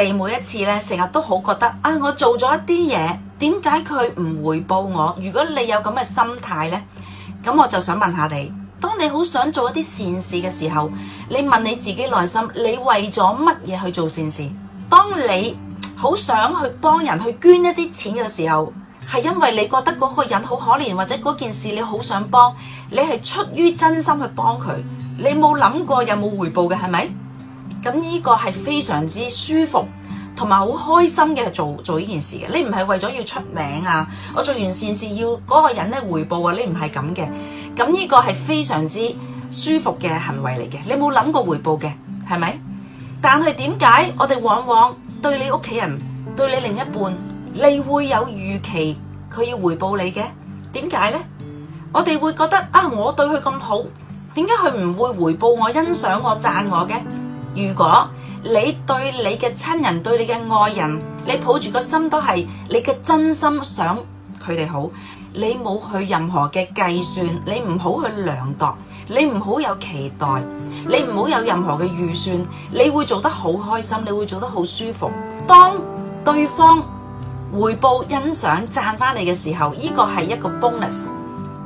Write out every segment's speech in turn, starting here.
你每一次咧成日都好覺得啊，我做咗一啲嘢，點解佢唔回報我？如果你有咁嘅心態呢，咁我就想問下你：當你好想做一啲善事嘅時候，你問你自己內心，你為咗乜嘢去做善事？當你好想去幫人去捐一啲錢嘅時候，係因為你覺得嗰個人好可憐，或者嗰件事你好想幫，你係出於真心去幫佢，你冇諗過有冇回報嘅係咪？咁呢個係非常之舒服同埋好開心嘅做做呢件事嘅。你唔係為咗要出名啊，我做完善事要嗰個人咧回報啊，你唔係咁嘅。咁呢個係非常之舒服嘅行為嚟嘅。你冇諗過回報嘅係咪？但係點解我哋往往對你屋企人、對你另一半，你會有預期佢要回報你嘅？點解呢？我哋會覺得啊，我對佢咁好，點解佢唔會回報我、欣賞我、讚我嘅？如果你對你嘅親人、對你嘅愛人，你抱住個心都係你嘅真心想佢哋好，你冇去任何嘅計算，你唔好去量度，你唔好有期待，你唔好有任何嘅預算，你會做得好開心，你會做得好舒服。當對方回報、欣賞、讚翻你嘅時候，呢個係一個 bonus，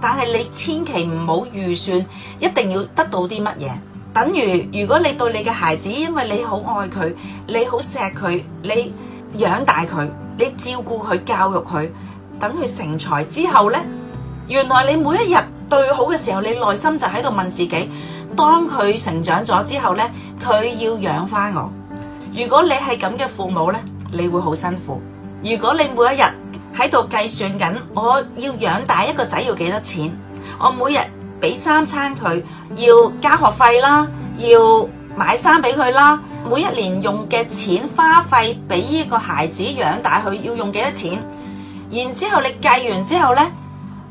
但係你千祈唔好預算，一定要得到啲乜嘢。等於如果你對你嘅孩子，因為你好愛佢，你好錫佢，你養大佢，你照顧佢、教育佢，等佢成才之後呢？原來你每一日對佢好嘅時候，你內心就喺度問自己：當佢成長咗之後呢，佢要養翻我。如果你係咁嘅父母呢，你會好辛苦。如果你每一日喺度計算緊，我要養大一個仔要幾多錢，我每日。俾三餐佢，要交學費啦，要買衫俾佢啦，每一年用嘅錢花費俾呢個孩子養大佢要用幾多錢？然之後你計完之後呢，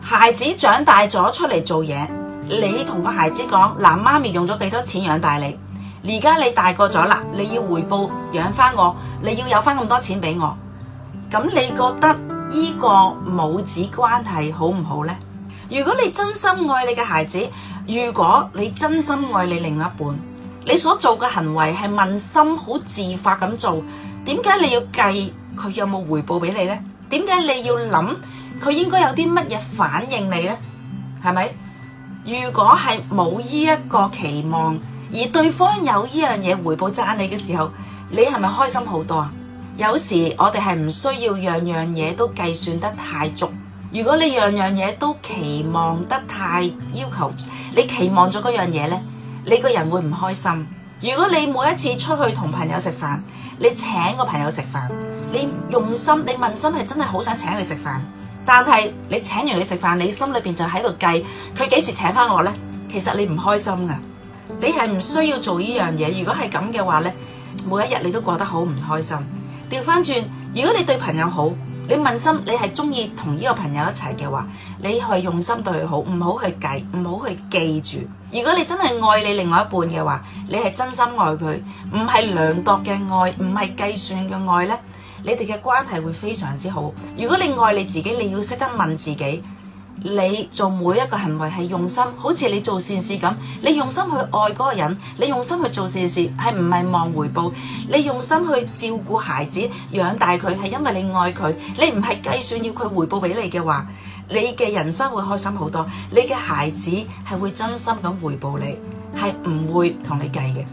孩子長大咗出嚟做嘢，你同個孩子講：嗱，媽咪用咗幾多錢養大你，而家你大個咗啦，你要回報養翻我，你要有翻咁多錢俾我。咁你覺得呢個母子關係好唔好呢？如果你真心愛你嘅孩子，如果你真心愛你另一半，你所做嘅行為係問心好自發咁做，點解你要計佢有冇回報俾你咧？點解你要諗佢應該有啲乜嘢反應你咧？係咪？如果係冇依一個期望，而對方有依樣嘢回報讚你嘅時候，你係咪開心好多啊？有時我哋係唔需要樣樣嘢都計算得太足。如果你樣樣嘢都期望得太要求，你期望咗嗰樣嘢呢，你個人會唔開心。如果你每一次出去同朋友食飯，你請個朋友食飯，你用心，你問心係真係好想請佢食飯，但係你請完佢食飯，你心裏邊就喺度計佢幾時請翻我呢？其實你唔開心㗎。你係唔需要做呢樣嘢。如果係咁嘅話呢，每一日你都過得好唔開心。調翻轉。如果你對朋友好，你問心你係中意同呢個朋友一齊嘅話，你係用心對佢好，唔好去計，唔好去記住。如果你真係愛你另外一半嘅話，你係真心愛佢，唔係量度嘅愛，唔係計算嘅愛咧，你哋嘅關係會非常之好。如果你愛你自己，你要識得問自己。你做每一個行為係用心，好似你做善事咁，你用心去愛嗰個人，你用心去做善事，係唔係望回報？你用心去照顧孩子，養大佢，係因為你愛佢，你唔係計算要佢回報俾你嘅話，你嘅人生會開心好多，你嘅孩子係會真心咁回報你，係唔會同你計嘅。